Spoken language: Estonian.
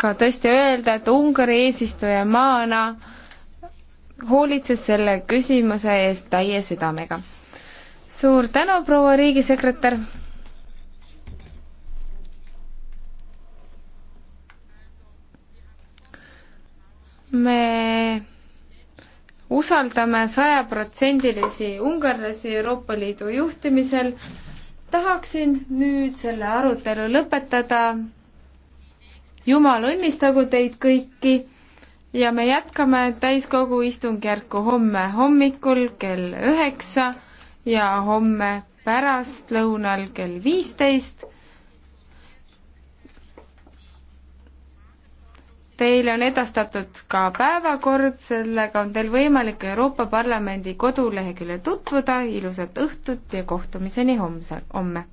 ka tõesti öelda, et Ungari eesistujamaana hoolitses selle küsimuse eest täie südamega. suur tänu, proua riigisekretär! me usaldame sajaprotsendilisi ungarlasi Euroopa Liidu juhtimisel. tahaksin nüüd selle arutelu lõpetada Jumal õnnistagu teid kõiki ja me jätkame täiskogu istungjärku homme hommikul kell üheksa ja homme pärastlõunal kell viisteist. Teile on edastatud ka päevakord, sellega on teil võimalik Euroopa Parlamendi koduleheküljel tutvuda, ilusat õhtut ja kohtumiseni homsel, homme!